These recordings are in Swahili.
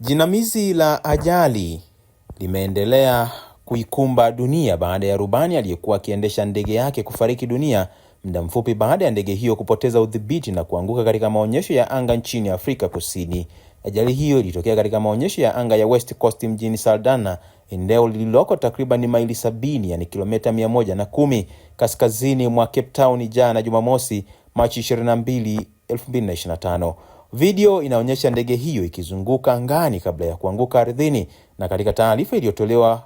Jinamizi la ajali limeendelea kuikumba dunia baada ya rubani aliyekuwa akiendesha ndege yake kufariki dunia muda mfupi baada ya ndege hiyo kupoteza udhibiti na kuanguka katika maonyesho ya anga nchini Afrika Kusini. Ajali hiyo ilitokea katika maonyesho ya anga ya West Coast mjini Saldanha eneo lililoko takriban maili sabini yani kilomita mia moja na kumi kaskazini mwa Cape Town jana Jumamosi, Machi 22, 2025. Video inaonyesha ndege hiyo ikizunguka angani kabla ya kuanguka ardhini, na katika taarifa iliyotolewa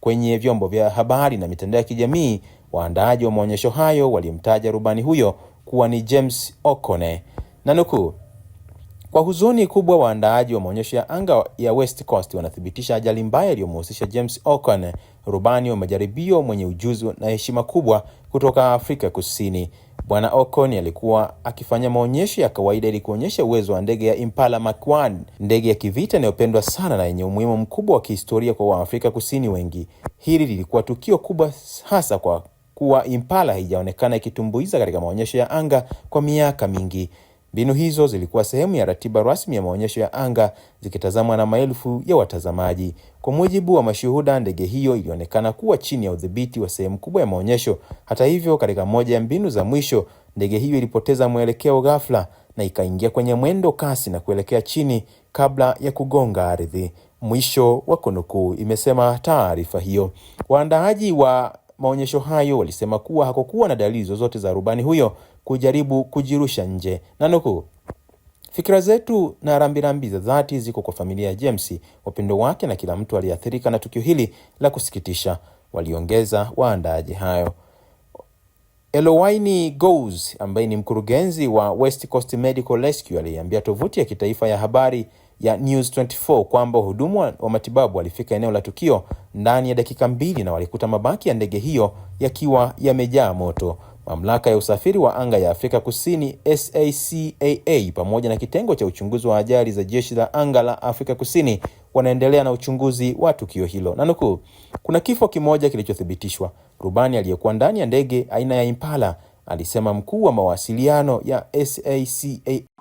kwenye vyombo vya habari na mitandao ya kijamii, waandaaji wa maonyesho hayo walimtaja rubani huyo kuwa ni James Okone na nukuu kwa huzuni kubwa, waandaaji wa maonyesho ya anga ya West Coast wanathibitisha ajali mbaya iliyomhusisha James Ocon, rubani wa majaribio mwenye ujuzi na heshima kubwa kutoka Afrika Kusini. Bwana Ocon alikuwa akifanya maonyesho ya kawaida ili kuonyesha uwezo wa ndege ya Impala Mark 1, ndege ya kivita inayopendwa sana na yenye umuhimu mkubwa wa kihistoria kwa Waafrika Kusini wengi. Hili lilikuwa tukio kubwa hasa kwa kuwa Impala haijaonekana ikitumbuiza katika maonyesho ya anga kwa miaka mingi. Mbinu hizo zilikuwa sehemu ya ratiba rasmi ya maonyesho ya anga, zikitazamwa na maelfu ya watazamaji. Kwa mujibu wa mashuhuda, ndege hiyo ilionekana kuwa chini ya udhibiti wa sehemu kubwa ya maonyesho. Hata hivyo, katika moja ya mbinu za mwisho, ndege hiyo ilipoteza mwelekeo ghafla na ikaingia kwenye mwendo kasi na kuelekea chini kabla ya kugonga ardhi. Mwisho wa kunukuu, imesema taarifa hiyo. Waandaaji wa maonyesho hayo walisema kuwa hakukuwa na dalili zozote za rubani huyo kujaribu kujirusha nje na fikira zetu na rambirambi za dhati ziko kwa familia ya James, wapendo wake na kila mtu aliyeathirika na tukio hili la kusikitisha, waliongeza waandaaji hayo. Elowaini Goes ambaye ni mkurugenzi wa West Coast Medical Rescue aliyeambia tovuti ya kitaifa ya habari ya News 24 kwamba wahudumu wa matibabu walifika eneo la tukio ndani ya dakika mbili na walikuta mabaki ya ndege hiyo yakiwa yamejaa moto. Mamlaka ya usafiri wa anga ya Afrika Kusini SACAA pamoja na kitengo cha uchunguzi wa ajali za jeshi la anga la Afrika Kusini wanaendelea na uchunguzi wa tukio hilo. Na kuna kifo kimoja kilichothibitishwa. Rubani aliyekuwa ndani ya ndege aina ya Impala alisema mkuu wa mawasiliano ya SACAA